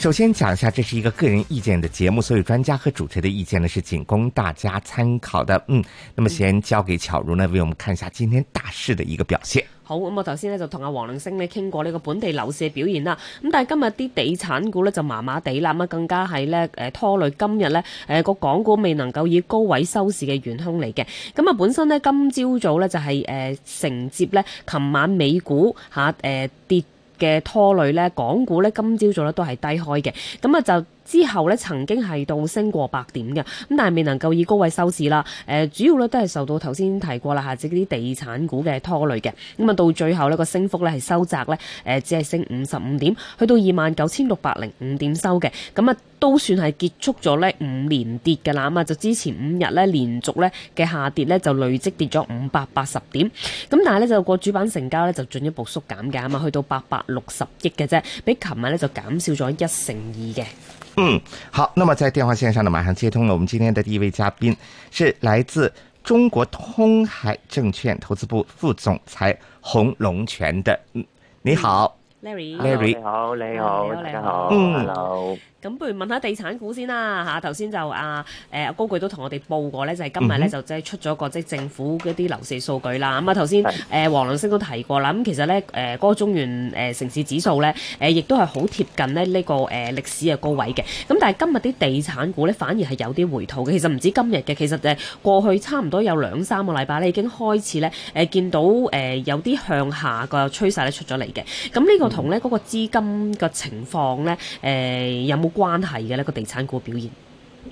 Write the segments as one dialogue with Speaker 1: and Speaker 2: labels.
Speaker 1: 首先講一下，這是一個個人意見的節目，所有專家和主持的意見呢是僅供大家參考的。嗯，那麼先交給巧如呢，為我們看一下今天大市的一個表現。嗯、
Speaker 2: 好，咁我頭先呢就同阿黃令星呢傾過呢個本地樓市嘅表現啦。咁但係今日啲地產股呢，就麻麻地啦，咁更加係呢誒拖累今日呢誒個、呃、港股未能夠以高位收市嘅元兇嚟嘅。咁、嗯、啊本身呢，今朝早、早呢，就係誒承接呢琴晚美股吓誒、啊呃、跌。嘅拖累咧，港股咧今朝早咧都係低開嘅，咁啊就之後咧曾經係到升過百點嘅，咁但係未能夠以高位收市啦。誒，主要咧都係受到頭先提過啦，吓即啲地產股嘅拖累嘅，咁啊到最後呢個升幅咧係收窄咧，誒只係升五十五點，去到二萬九千六百零五點收嘅，咁啊。都算係結束咗呢五連跌嘅啦嘛，就之前五日呢連續呢嘅下跌呢，就累積跌咗五百八十點，咁但係呢，就個主板成交呢，就進一步縮減嘅啊嘛，去到八百六十億嘅啫，比琴日呢就減少咗一成二嘅。
Speaker 1: 嗯，好，那麼在電話線上呢，馬上接通了，我們今天的第一位嘉賓是來自中國通海證券投資部副總裁洪龍荃的。嗯，你好。嗯
Speaker 2: Larry, Larry，你好，你好，大家好，h e l l o 咁不如問，問下地產股先啦吓，頭、啊、先就啊，誒、啊、高巨都同我哋報過咧，就係、是、今日咧、mm -hmm. 就即係出咗個即、就是、政府嗰啲樓市數據啦，咁啊頭先誒黃律師都提過啦，咁其實咧誒嗰個中原誒、呃、城市指數咧誒亦都係好貼近呢呢、這個誒歷、呃、史嘅高位嘅，咁但係今日啲地產股咧反而係有啲回吐嘅，其實唔止今日嘅，其實誒過去差唔多有兩三個禮拜咧已經開始咧誒、呃、見到誒、呃、有啲向下嘅趨勢咧出咗嚟嘅，咁呢、這個。同咧嗰個資金嘅情況咧，誒有冇關係嘅咧個地產股表現？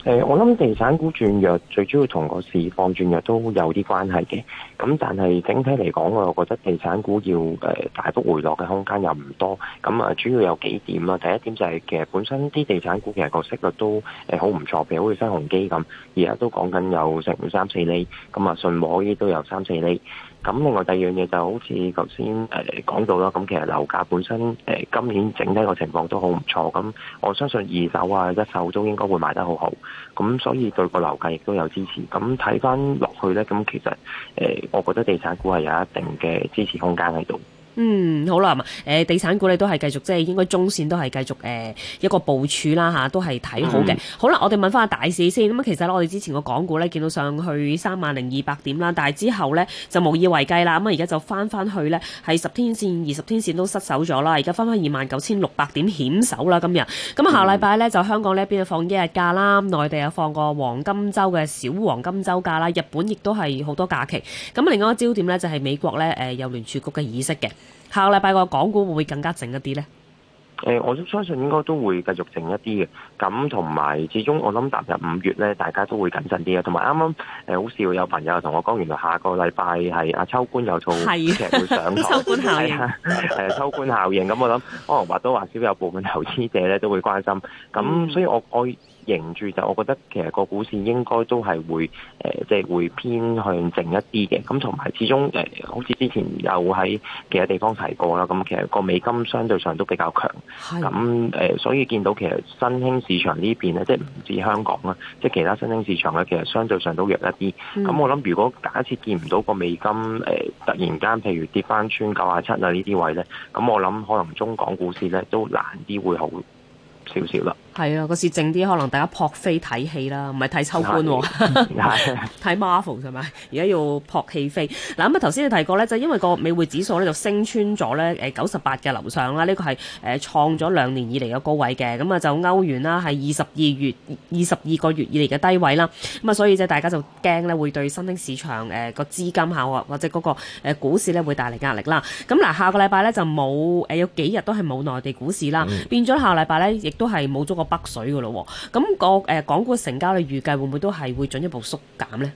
Speaker 3: 誒，我諗地產股轉弱，最主要同個市況轉弱都有啲關係嘅。咁但係整體嚟講，我覺得地產股要誒大幅回落嘅空間又唔多。咁啊，主要有幾點啦，第一點就係其實本身啲地產股其實個息率都誒好唔錯嘅，好似新鴻基咁，而家都講緊有成三四厘。咁啊，信和呢都有三四厘。咁另外第二樣嘢就好似頭先誒講到啦，咁其實樓價本身誒今年整體個情況都好唔錯，咁我相信二手啊一手都應該會賣得好好，咁所以對個樓價亦都有支持。咁睇翻落去咧，咁其實誒，我覺得地產股係有一定嘅支持空間喺度。
Speaker 2: 嗯，好啦，咁地產股咧都係繼續，即係應該中線都係繼續誒、呃、一個部署啦，嚇，都係睇好嘅、嗯。好啦，我哋問翻大市先。咁其實我哋之前個港股咧見到上去三萬零二百點啦，但係之後咧就無以為繼啦。咁啊，而家就翻翻去咧係十天線、二十天線都失守咗啦。而家翻翻二萬九千六百點險守啦，今日。咁啊，下禮拜咧就香港呢邊邊放一日假啦、嗯，內地啊放個黃金週嘅小黃金週假啦，日本亦都係好多假期。咁另外一個焦點咧就係美國咧有聯儲局嘅意識嘅。下個禮拜個港股會唔會更加靜一啲咧？
Speaker 3: 誒，我都相信應該都會繼續靜一啲嘅。咁同埋，始終我諗踏入五月咧，大家都會謹慎啲嘅。同埋，啱啱誒，好少有朋友同我講，原來下個禮拜係阿秋官又做，係會上台，秋官效應，誒，秋官效應。咁我諗可能或多或少有部分投資者咧都會關心。咁，所以我我。迎住就，我覺得其實個股市應該都係會即係、呃即係、會偏向靜一啲嘅。咁同埋始終、呃、好似之前有喺其他地方提過啦。咁其實個美金相對上都比較強，咁、呃、所以見到其實新興市場呢邊咧，即係唔止香港啦，即、嗯、其他新興市場咧，其實相對上都弱一啲。咁、嗯、我諗，如果假設見唔到個美金、呃、突然間譬如跌翻穿九啊七啊呢啲位咧，咁我諗可能中港股市咧都難啲會好少少啦。
Speaker 2: 係啊，個市靜啲，可能大家撲飛睇戲啦，唔係睇秋官
Speaker 3: 喎，
Speaker 2: 睇 Marvel 係咪？而家要撲戲飛嗱咁啊！頭先你提過咧，就因為個美匯指數咧就升穿咗咧誒九十八嘅樓上啦，呢、呢個係誒創咗兩年以嚟嘅高位嘅，咁啊就歐元啦係二十二月二十二個月以嚟嘅低位啦，咁啊所以即大家就驚咧會對新興市場誒個資金效或或者嗰個股市咧會帶嚟壓力啦。咁嗱，下個禮拜咧就冇有，有幾日都係冇內地股市啦、嗯，變咗下個禮拜咧亦都係冇咗個。北水嘅咯，咁、個誒、呃、港股成交嘅預計會唔會都係會進一步縮減咧？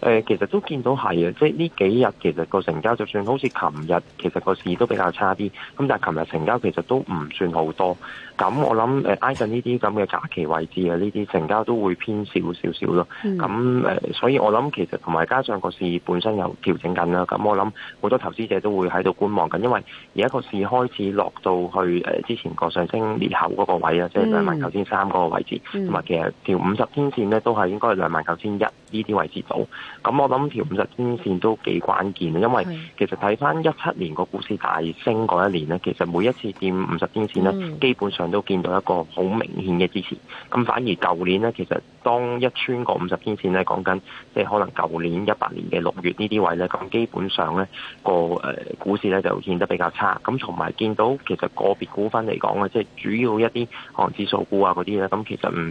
Speaker 3: 誒、呃，其實都見到係啊，即係呢幾日其實個成交，就算好似琴日，其實個市都比較差啲。咁但係琴日成交其實都唔算好多。咁我諗誒，挨近呢啲咁嘅假期位置啊，呢啲成交都會偏少少少咯。咁、嗯、所以我諗其實同埋加上個市本身又調整緊啦。咁我諗好多投資者都會喺度觀望緊，因為而家個市開始落到去、呃、之前個上升裂口嗰個位啊，即係兩萬九千三嗰個位置，同、嗯、埋、嗯、其實條五十天線呢，都係應該係兩萬九千一呢啲位置度。咁我諗條五十天線都幾關鍵，因為其實睇翻一七年個股市大升嗰一年咧，其實每一次見五十天線咧，基本上都見到一個好明顯嘅支持。咁反而舊年咧，其實當一穿過五十天線咧，講緊即係可能舊年一八年嘅六月呢啲位咧，咁基本上咧個誒股市咧就顯得比較差。咁同埋見到其實個別股份嚟講咧，即係主要一啲恆指數股啊嗰啲咧，咁其實唔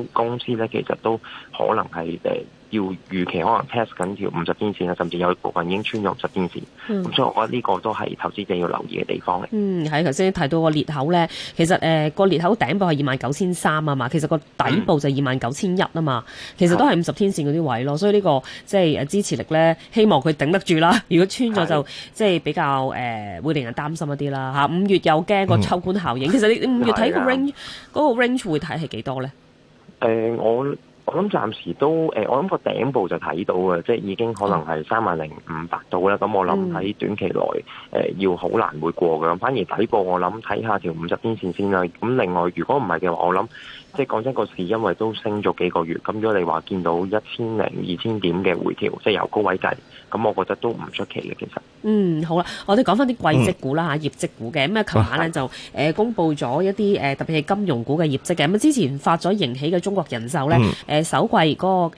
Speaker 3: 少公司咧，其實都可能係要預期可能 test 緊條五十天線啊，甚至有部分已經穿咗五十天線，咁、嗯、所以我覺得呢個都係投資者要留意嘅地方，
Speaker 2: 嗯，喺頭先提到個裂口咧，其實誒個、呃、裂口頂部係二萬九千三啊嘛，其實個底部就二萬九千一啊嘛，其實都係五十天線嗰啲位咯，所以呢、這個即係、就是、支持力咧，希望佢頂得住啦。如果穿咗就即係、就是、比較誒、呃、會令人擔心一啲啦，五月又驚個秋官
Speaker 3: 效應、嗯，其實你五月睇個 range
Speaker 2: 嗰、那個 range 會睇係幾多咧、
Speaker 3: 呃？我。我諗暫時都誒，我諗個頂部就睇到嘅，即係已經可能係三萬零五百度啦。咁、嗯、我諗喺短期內誒，要好難會過㗎。反而底部我諗睇下條五十天線先啦。咁另外如果唔係嘅話，我諗即係講真個市，因為都升咗幾個月，咁如果你話見到一千零二千點嘅回調，即係由高位計。咁我覺得都唔出奇嘅，其
Speaker 2: 實。嗯，好啦，我哋講翻啲季績股啦嚇、嗯，業績股嘅。咁啊，琴晚咧就公佈咗一啲 特別係金融股嘅業績嘅。咁之前發咗盈喜嘅中國人壽咧、嗯，首季嗰個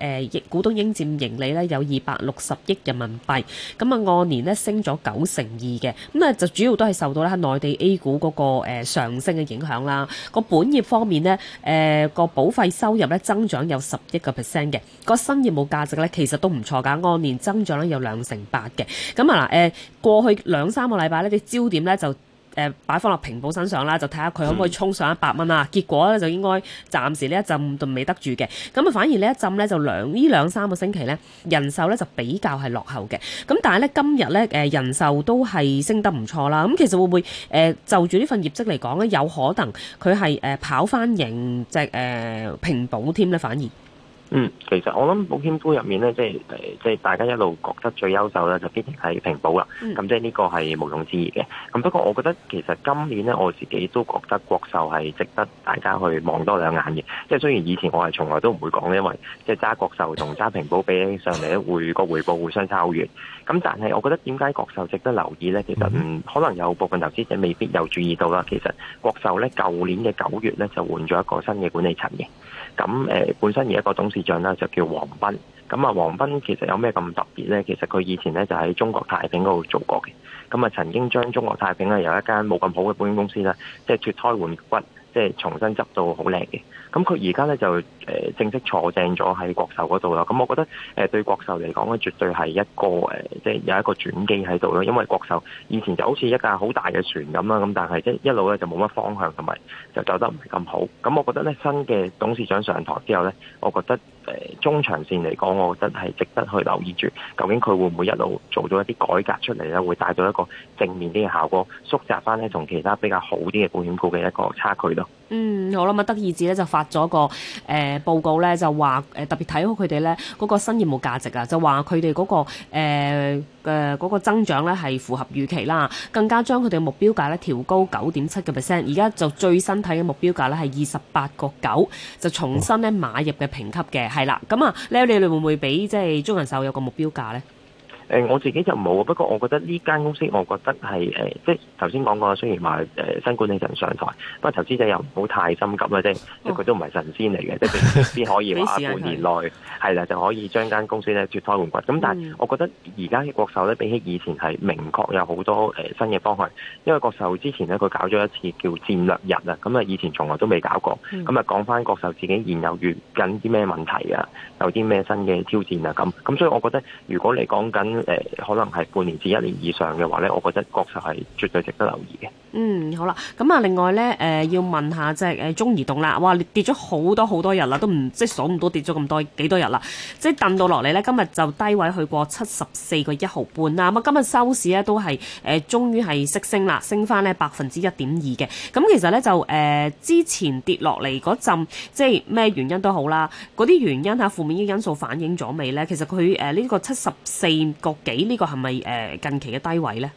Speaker 2: 股東應佔盈利咧有二百六十億人民幣，咁啊按年咧升咗九成二嘅。咁啊就主要都係受到咧喺內地 A 股嗰個上升嘅影響啦。個本業方面呢，誒個保費收入咧增長有十億個 percent 嘅，個新業務價值咧其實都唔錯㗎，按年增長咧有，兩成八嘅，咁啊嗱，誒過去兩三個禮拜呢，啲焦點呢就誒擺放落平保身上啦，就睇下佢可唔可以衝上一百蚊啦。結果呢，就應該暫時呢一陣都未得住嘅。咁啊，反而呢一陣呢，就兩呢兩三個星期就的呢，呢，人壽呢就比較係落後嘅。咁但係呢，今日呢，誒人壽都係升得唔錯啦。咁其實會唔會誒、呃、就住呢份業績嚟講呢？有可能佢係誒跑翻贏隻誒平保添呢，反而？
Speaker 3: 嗯，其實我諗保險股入面咧，即係即係大家一路覺得最優秀咧，就必定係平保啦。咁即係呢個係無庸置疑嘅。咁不過我覺得其實今年咧，我自己都覺得國壽係值得大家去望多兩眼嘅。即係雖然以前我係從來都唔會講，因為即係揸國壽同揸平保比起上嚟咧，回個回報互相差好遠。咁但係我覺得點解國壽值得留意咧？其實、嗯、可能有部分投資者未必有注意到啦。其實國壽咧，舊年嘅九月咧就換咗一個新嘅管理層嘅。咁誒本身而一個董事長啦，就叫黃斌。咁啊，黃斌其實有咩咁特別咧？其實佢以前咧就喺中國太平嗰度做過嘅。咁啊，曾經將中國太平咧由一間冇咁好嘅保險公司呢，即係脫胎換骨，即係重新執到好靚嘅。咁佢而家咧就誒正式坐正咗喺國壽嗰度啦。咁我覺得誒對國壽嚟講咧，絕對係一個誒，即係有一個轉機喺度啦。因為國壽以前就好似一架好大嘅船咁啦，咁但係即係一路咧就冇乜方向同埋就走得唔係咁好。咁我覺得咧新嘅董事長上台之後咧，我覺得誒中長線嚟講，我覺得係值得去留意住，究竟佢會唔會一路做到一啲改革出嚟咧，會帶到一個正面啲嘅效果，縮窄翻咧同其他比較好啲嘅保險股嘅一個差距咯。嗯，
Speaker 2: 好啦，德意志咧就發咗個誒、呃、報告咧，就話誒、呃、特別睇好佢哋咧嗰個新業務價值啊，就話佢哋嗰個誒、呃呃那個增長咧係符合預期啦，更加將佢哋嘅目標價咧調高九點七個 percent，而家就最新睇嘅目標價咧係二十八個九，就重新咧買入嘅評級嘅係啦，咁啊咧你哋會唔會俾即係中人壽有個目標價咧？
Speaker 3: 誒我自己就冇，不過我覺得呢間公司，我覺得係、呃、即係頭先講過，雖然話新管理層上台，不過投資者又唔好太心急啦，oh. 即即佢都唔係神仙嚟嘅，oh. 即係未必可以話 半年內係啦就可以將間公司咧脫胎換骨。咁但係我覺得而家國壽咧比起以前係明確有好多新嘅方向，因為國壽之前咧佢搞咗一次叫戰略日啊，咁啊以前從來都未搞過，咁啊講翻國壽自己現有遇緊啲咩問題啊，有啲咩新嘅挑戰啊，咁咁所以我覺得如果你講緊。誒、呃，可能係半年至一年以上嘅話咧，我覺得確實係絕對值得留意
Speaker 2: 嘅。嗯，好啦，咁啊，另外咧，誒、呃，要問一下即係誒中移動啦，哇，跌咗好多好多日啦，都唔即係數唔到跌咗咁多幾多日啦，即係掟到落嚟咧，今日就低位去過七十四個一毫半啦。咁今日收市咧都係誒、呃，終於係息升啦，升翻呢百分之一點二嘅。咁、嗯、其實咧就誒、呃，之前跌落嚟嗰陣，即係咩原因都好啦，嗰啲原因吓、啊、負面嘅因素反映咗未咧？其實佢誒呢個七十四。國幾個幾呢個係咪誒近期嘅低位咧？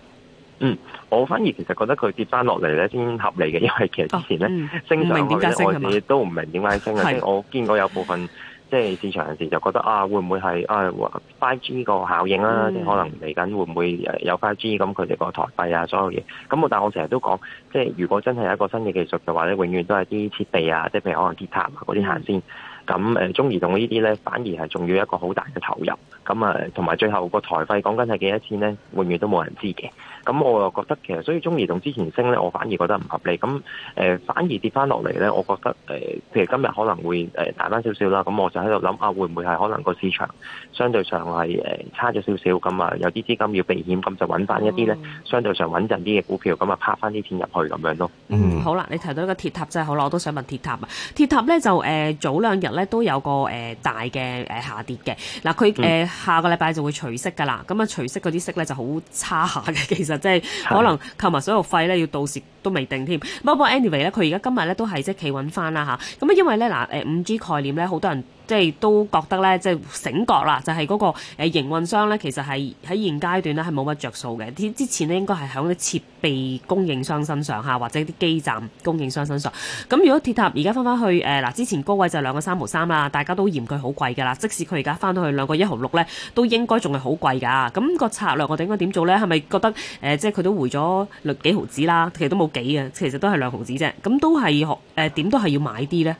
Speaker 3: 嗯，我反而其實覺得佢跌翻落嚟咧先合理嘅，因為其實之前咧、哦嗯、升上嚟嘅人士都唔明點解升嘅。我見過有部分即係市場人士就覺得啊，會唔會係啊 5G 個效應啦，即、嗯、可能嚟緊會唔會有 5G 咁佢哋個台費啊，所有嘢咁。但我但係我成日都講，即係如果真係有一個新嘅技術嘅話，咧永遠都係啲設備啊，即係譬如可能鐵塔啊嗰啲行先。咁誒，中移動呢啲咧，反而係仲要一個好大嘅投入。咁啊，同埋最後個台費講緊係幾多錢咧，永遠都冇人知嘅。咁我又覺得其實所以中移動之前升咧，我反而覺得唔合理。咁、呃、反而跌翻落嚟咧，我覺得誒、呃，其實今日可能會誒、呃、大翻少少啦。咁我就喺度諗下，會唔會係可能個市場相對上係、呃、差咗少少咁啊？有啲資金要避險，咁就揾翻一啲咧、嗯、相對上穩陣啲嘅股票，咁啊拍翻啲錢入去咁樣咯。嗯，
Speaker 2: 好啦，你提到一個鐵塔仔，好啦，我都想問鐵塔啊。鐵塔咧就、呃、早兩日咧都有個、呃、大嘅下跌嘅。嗱、呃，佢下個禮拜就會除息噶啦。咁啊，除息嗰啲息咧就好差下嘅，其實。即係可能扣埋所有費咧，要到時都未定添。不過，anyway 咧，佢而家今日咧都係即係企穩翻啦嚇。咁啊，因為咧嗱誒五 G 概念咧，好多人。即係都覺得咧，即係醒覺啦，就係、誒、嗰個營運商咧，其實係喺現階段咧係冇乜着數嘅。之前咧應該係喺啲設備供應商身上嚇或者啲基站供應商身上。咁如果鐵塔而家翻翻去嗱、呃，之前高位就兩個三毫三啦，大家都嫌佢好貴㗎啦。即使佢而家翻到去兩個一毫六咧，都應該仲係好貴㗎。咁、個策略我哋應該點做咧？係咪覺得、呃、即係佢都回咗幾毫子啦？其實都冇幾啊，其實都係兩毫子啫。咁都係學誒點都係要買啲咧。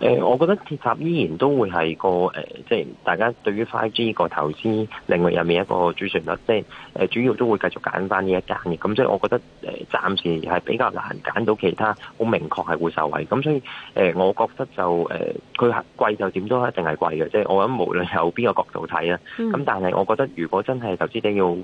Speaker 3: 誒，我覺得鐵塔依然都會係個誒，即係大家對於 5G 個投資領域入面一個主旋律，即係誒主要都會繼續揀翻呢一間嘅。咁即係我覺得暫時係比較難揀到其他好明確係會受惠。咁所以我覺得就誒，佢貴就點都一定係貴嘅。即係我諗無論由邊個角度睇啊，咁、嗯、但係我覺得如果真係投資者要誒，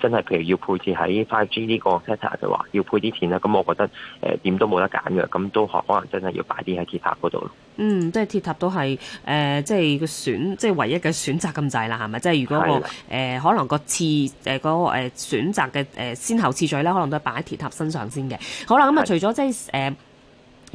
Speaker 3: 真係譬如要配置喺 5G 呢個 sector 嘅話，要配啲錢啦，咁我覺得點都冇得揀嘅。咁都可能真係要擺啲喺鐵塔嗰度。
Speaker 2: 嗯，即係鐵塔都係誒、呃，即係個選，即係唯一嘅選擇咁滯啦，係咪？即係如果、個誒、呃、可能個次誒嗰個誒選擇嘅誒先後次序咧，可能都係擺喺鐵塔身上先嘅。好啦，咁啊，除咗即係誒。呃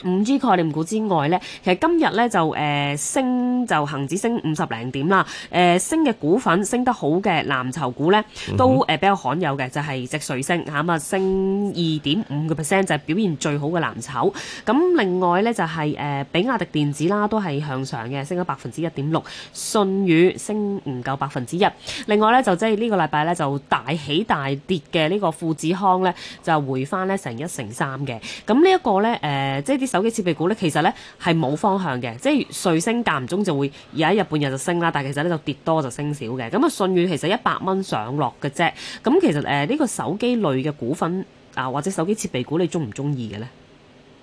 Speaker 2: 五 G 概念股之外呢，其實今日呢就誒升就恒指升五十零點啦。誒升嘅股份升得好嘅藍籌股呢，都比較罕有嘅，就係、是、直水升吓啊升二點五個 percent 就係、表現最好嘅藍籌。咁另外呢，就係誒比亞迪電子啦，都係向上嘅，升咗百分之一點六。舜宇升唔夠百分之一。另外呢，就即係呢個禮拜呢，就大起大跌嘅呢個富士康呢，就回翻呢成一成三嘅。咁呢一個呢。即、呃、係。手機設備股咧，其實咧係冇方向嘅，即係瑞聲間唔中就會有一日半日就升啦，但係其實咧就跌多就升少嘅。咁啊，舜宇其實一百蚊上落嘅啫。咁其實誒，呢個手機類嘅股份啊，或者手機設備股，你中唔中意嘅咧？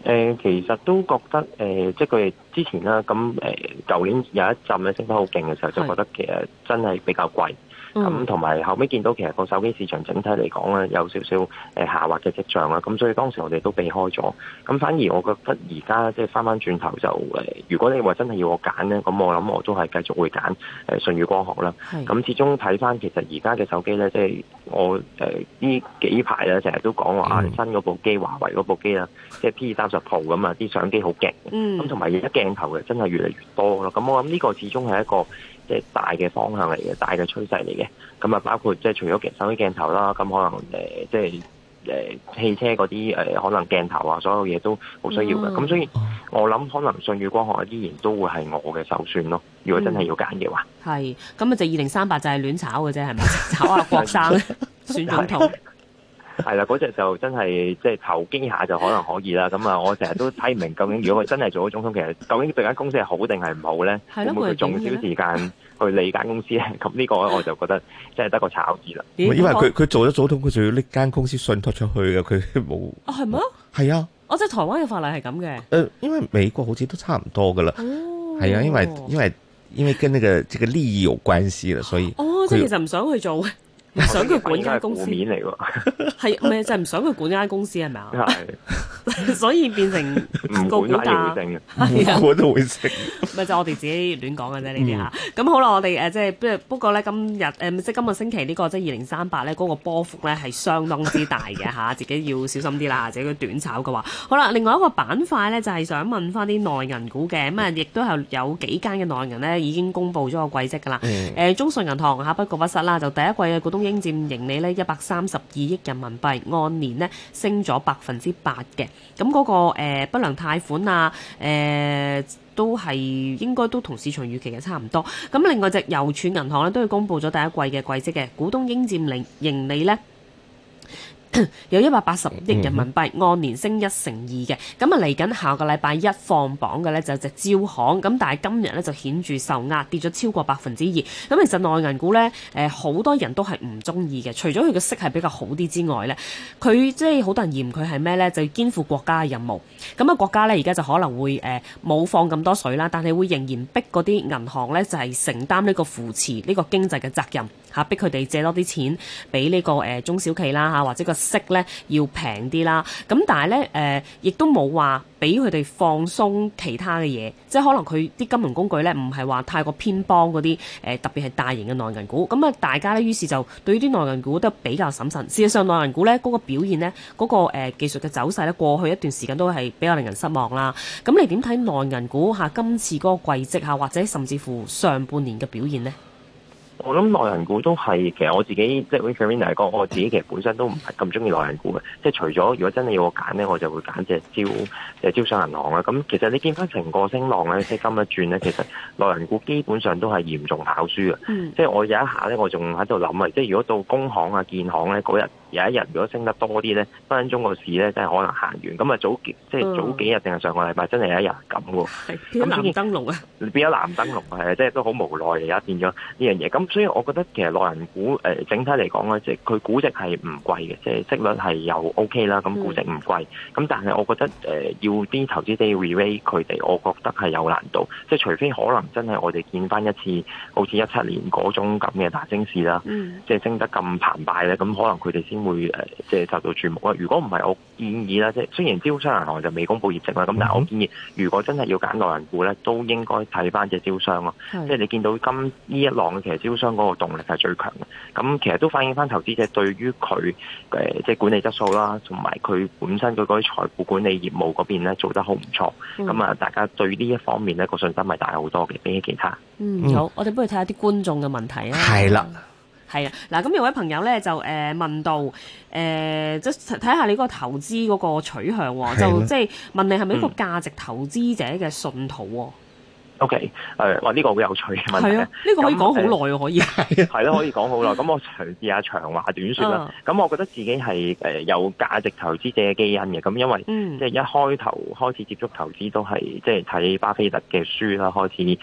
Speaker 3: 誒，其實都覺得誒，即係佢哋之前啦，咁誒，舊年有一陣咧升得好勁嘅時候，就覺得其實真係比較貴。咁同埋後尾見到其實個手機市場整體嚟講咧有少少、呃、下滑嘅跡象啦，咁、嗯、所以當時我哋都避開咗。咁、嗯、反而我覺得而家即係翻翻轉頭就、呃、如果你話真係要我揀咧，咁、嗯、我諗我都係繼續會揀、呃、舜宇光學啦。咁、嗯、始終睇翻其實而家嘅手機咧，即係我誒、呃、呢幾排咧成日都講話啊新嗰部機，華為嗰部機啦，即係 P 三十 Pro 咁啊，啲相機好勁。咁同埋而家鏡頭嘅真係越嚟越多咯。咁、嗯、我諗呢個始終係一個大嘅方向嚟嘅，大嘅趨勢嚟嘅，咁啊包括即係、就是、除咗手機鏡頭啦，咁可能誒即係誒汽車嗰啲誒可能鏡頭啊，所有嘢都好需要嘅。咁、嗯、所以我諗可能舜宇光學依然都會係我嘅首選咯。如果真係要揀嘅話，
Speaker 2: 係咁啊就二零三八就係亂炒嘅啫，係咪炒阿郭生
Speaker 1: 選總統？
Speaker 3: 係啦，嗰隻就真係即係投機下就可能可以啦。咁啊，我成日都睇唔明，究竟如果佢真係做咗總統，其實究竟對間公司係好定係唔好咧？係咯，佢仲少時間去理間公司，咁呢個咧我就覺得真係得個炒字啦。因為佢佢
Speaker 1: 做咗總統，佢仲要呢間公司信託出去嘅，佢冇。
Speaker 3: 哦，係咪啊？係啊，哦，即
Speaker 2: 係台灣嘅法例係咁嘅。
Speaker 1: 誒，因為美國好似都差唔多噶啦。哦，係啊，因為因為因為跟呢個這個利益有關係啦，所以哦，即係其實
Speaker 2: 唔想去做。唔想佢管間公司，係唔係就唔想佢管間公司係咪啊？ 所以變成個股價，個股、啊、都會升。咪 就我哋自己亂講嘅啫呢啲吓，咁好啦，我哋誒即係，不過咧今日誒、呃，即係今日星期、這個就是、2038呢個即係二零三八咧，嗰、那個波幅咧係相當之大嘅吓， 自己要小心啲啦。自己短炒嘅話，好啦，另外一個板塊咧就係、是、想問翻啲內銀股嘅咁啊，亦都係有幾間嘅內銀咧已經公布咗個季績㗎啦。誒、嗯呃、中信銀行嚇，不過不失啦，就第一季嘅股東應佔盈利呢一百三十二億人民幣，按年呢升咗百分之八嘅。的咁、那、嗰個、呃、不良貸款啊，誒、呃、都係應該都同市場預期嘅差唔多。咁另外隻郵儲銀行咧，都係公布咗第一季嘅季績嘅，股東應佔溢利盈利咧， 有一百八十億人民幣按年升一成二嘅，咁啊嚟緊下個禮拜一放榜嘅呢，就係隻招行，咁但係今日呢，就顯著受壓，跌咗超過百分之二。咁其實內銀股呢，好多人都係唔中意嘅，除咗佢嘅息係比較好啲之外呢，佢即係好多人嫌佢係咩呢？就要肩負國家嘅任務。咁啊國家呢，而家就可能會誒冇、呃、放咁多水啦，但係會仍然逼嗰啲銀行呢，就係、係、承擔呢個扶持呢、呢個經濟嘅責任。嚇，逼佢哋借多啲錢俾呢、這個誒、呃、中小企啦嚇，或者個息咧要平啲啦。咁但係咧誒，亦、呃、都冇話俾佢哋放鬆其他嘅嘢，即係可能佢啲金融工具咧唔係話太過偏幫嗰啲誒，特別係大型嘅內銀股。咁啊，大家咧於是就對於啲內銀股都比較審慎。事實上，內銀股咧嗰、那個表現咧嗰、那個、呃、技術嘅走勢咧，過去一段時間都係比較令人失望啦。咁你點睇內銀股嚇今次嗰個季績呀，或者甚至乎上半年嘅表現呢？
Speaker 3: 我諗內銀股都係，其實我自己即係 William 嚟講，我自己其實本身都唔係咁中意內銀股嘅，即係除咗如果真係要我揀咧，我就會揀隻招誒招商銀行啦。咁其實你見翻成個升浪咧，即係今一轉咧，其實內銀股基本上都係嚴重考輸嘅、嗯。即係我有一下咧，我仲喺度諗啊，即係如果到工行啊、建行咧嗰日。有一日如果升得多啲咧，分分鐘個市咧真係可能行完。咁啊早幾即係早幾日定係、嗯、上個禮拜真係有一日咁喎。咁、啊、藍燈籠啊，變咗藍燈籠係即係都好無奈而家變咗呢樣嘢。咁所以我覺得其實內銀股整體嚟講咧，即、就、佢、是、估值係唔貴嘅，即、就、係、是、息率係又 O K 啦。咁估值唔貴，咁、嗯、但係我覺得、呃、要啲投資者 re-rate 佢哋，我覺得係有難度。即、就、係、是、除非可能真係我哋見翻一次，好似一七年嗰種咁嘅大升市啦，即、嗯、係、就是、升得咁澎湃咧，咁可能佢哋先。會誒，即係受到注目啦。如果唔係，我建議咧，即係雖然招商銀行就未公布業績啦，咁、嗯、但係我建議，如果真係要揀內人股咧，都應該睇翻隻招商咯。即係你見到今呢一浪嘅，其實招商嗰個動力係最強嘅。咁其實都反映翻投資者對於佢誒，即係管理質素啦，同埋佢本身佢嗰啲財富管理業務嗰邊咧做得好唔錯。咁、嗯、啊，大家對呢一方面咧個信心係大好多嘅，比起其他。嗯，
Speaker 2: 好，我哋不如睇下啲觀眾嘅問題啊。係、嗯、啦。是的係啊，嗱咁有位朋友咧就誒、呃、問到誒，即睇下你個投資嗰個取向喎，就即係、就是、問你係咪一個價值投資者嘅信徒喎？嗯。
Speaker 3: O K，誒，哇，呢個好有趣嘅問題，呢個可以講好耐，可以係咯，可以講好耐。咁 我嘗試下長話短說啦。咁 我覺得自己係誒有價值投資者嘅基因嘅。咁因為即係一開頭開始接觸投資都係即係睇巴菲特嘅書啦，開始誒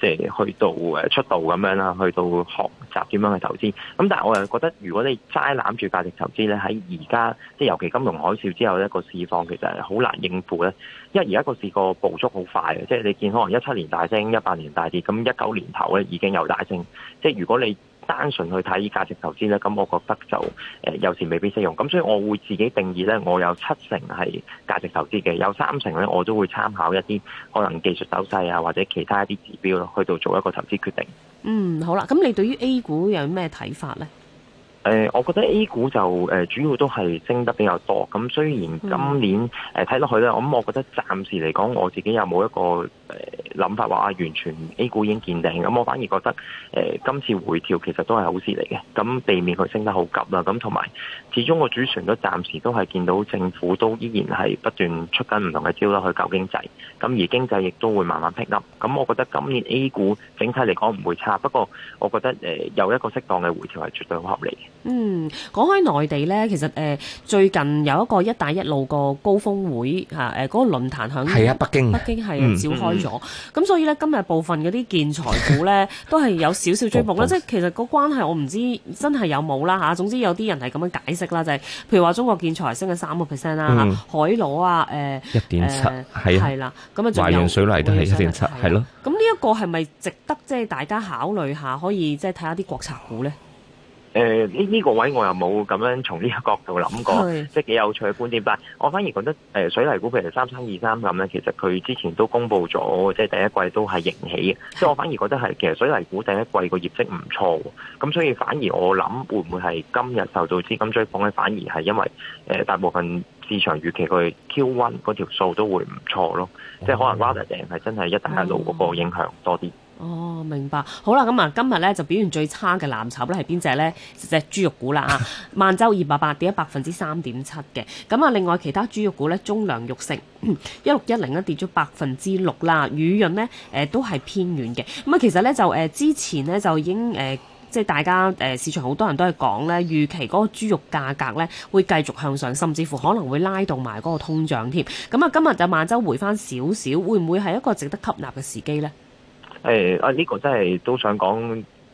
Speaker 3: 即係去到誒出道咁樣啦，去到學習點樣去投資。咁但係我又覺得如果你齋攬住價值投資咧，喺而家即係尤其金融海嘯之後呢個市況，其實係好難應付咧。因為而家個市個步速好快嘅，即係你見可能一七年大升，一八年大跌，咁一九年頭咧已經有大升。即係如果你單純去睇價值投資咧，咁我覺得就誒有時未必適用。咁所以我會自己定義咧，我有七成係價值投資嘅，有三成咧我都會參考一啲可能技術手勢啊，或者其他一啲指標咯，去到做一個投資決定。
Speaker 2: 嗯，好啦，咁你對於 A 股有咩睇法咧？
Speaker 3: 誒，我覺得 A 股就誒主要都係升得比較多。咁雖然今年誒睇落去咧，我我覺得暫時嚟講，我自己又冇一個誒諗法話完全 A 股已經見頂。咁我反而覺得誒、呃、今次回調其實都係好事嚟嘅，咁避免佢升得好急啦。咁同埋始終個主旋律都暫時都係見到政府都依然係不斷出緊唔同嘅招啦去救經濟。咁而經濟亦都會慢慢 pick up。咁我覺得今年 A 股整體嚟講唔會差。不過我覺得誒有一個適當嘅回調係絕對好合理嘅。
Speaker 2: 嗯，講開內地咧，其實誒、呃，最近有一個一帶一路個高峰會吓，誒、啊，嗰、呃那個論壇響係啊北京，北京係召開咗。咁、嗯嗯、所以咧，今日部分嗰啲建材股咧， 都係有少少追捧啦。即係其實個關係，我唔知真係有冇啦吓。總之有啲人係咁樣解釋啦，就係、是、譬如話中國建材升咗三個 percent 啦，海螺啊，誒、呃，一點七係啦，咁啊，啊，華潤水泥都係一點七，係咯、啊。咁呢一個係咪值得即係大家考慮下，可以即係睇下啲國策股咧？
Speaker 3: 誒，呢呢個位置我又冇咁樣從呢個角度諗過，是即係幾有趣嘅觀點。但係我反而覺得誒、呃、水泥股，譬如三三二三咁咧，其實佢之前都公布咗，即係第一季都係盈喜嘅。即係我反而覺得係其實水泥股第一季個業績唔錯，咁所以反而我諗會唔會係今日受到資金追捧咧？反而係因為誒、呃、大部分市場預期佢 Q1 嗰條數都會唔錯咯，即係可能 v a l 定係真係一帶一路嗰個影響多啲。嗯
Speaker 2: 哦，明白好啦。咁啊，今日咧就表現最差嘅藍籌咧係邊隻咧？隻豬肉股啦啊，萬洲二百八跌咗百分之三點七嘅。咁啊，另外其他豬肉股咧，中糧肉食一六一零咧跌咗百分之六啦。雨潤咧，誒、呃、都係偏軟嘅。咁啊，其實咧就誒之前咧就已經誒，即、呃、係大家誒、呃、市場好多人都係講咧，預期嗰個豬肉價格咧會繼續向上，甚至乎可能會拉動埋嗰個通脹添。咁啊，今日就萬洲回翻少少，會唔會係一個值得吸納嘅時機咧？
Speaker 3: 誒、哎，啊呢、這個真係都想講，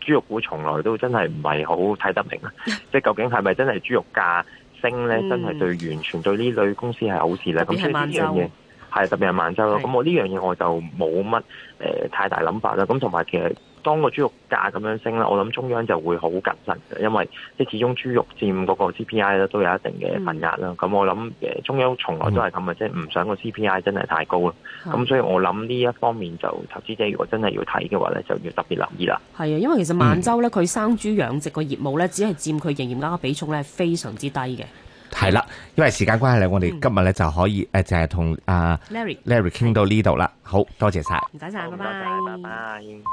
Speaker 3: 豬肉股從來都真係唔係好睇得明 即係究竟係咪真係豬肉價升咧，真係對、嗯、完全對呢類公司係好事咧？咁所以呢樣嘢係特別係萬洲咯。咁我呢樣嘢我就冇乜誒太大諗法啦。咁同埋其實。當個豬肉價咁樣升啦，我諗中央就會好謹慎嘅，因為即係始終豬肉佔嗰個 CPI 咧都有一定嘅份額啦。咁、嗯、我諗誒中央從來都係咁嘅，即係唔想個 CPI 真係太高啦。咁、嗯、所以我諗呢一方面就投資者如果真係要睇嘅話
Speaker 1: 咧，就要特別留意啦。
Speaker 2: 係啊，因為其實萬洲咧，佢生豬養殖個業務咧，只係佔佢營業額嘅比重咧，係非常之低嘅。
Speaker 1: 係、嗯、啦，因為時間關係咧，我哋今日咧就可以誒、嗯呃，淨係同阿 Larry Larry 傾到呢度啦。好多謝晒，唔該曬，拜拜。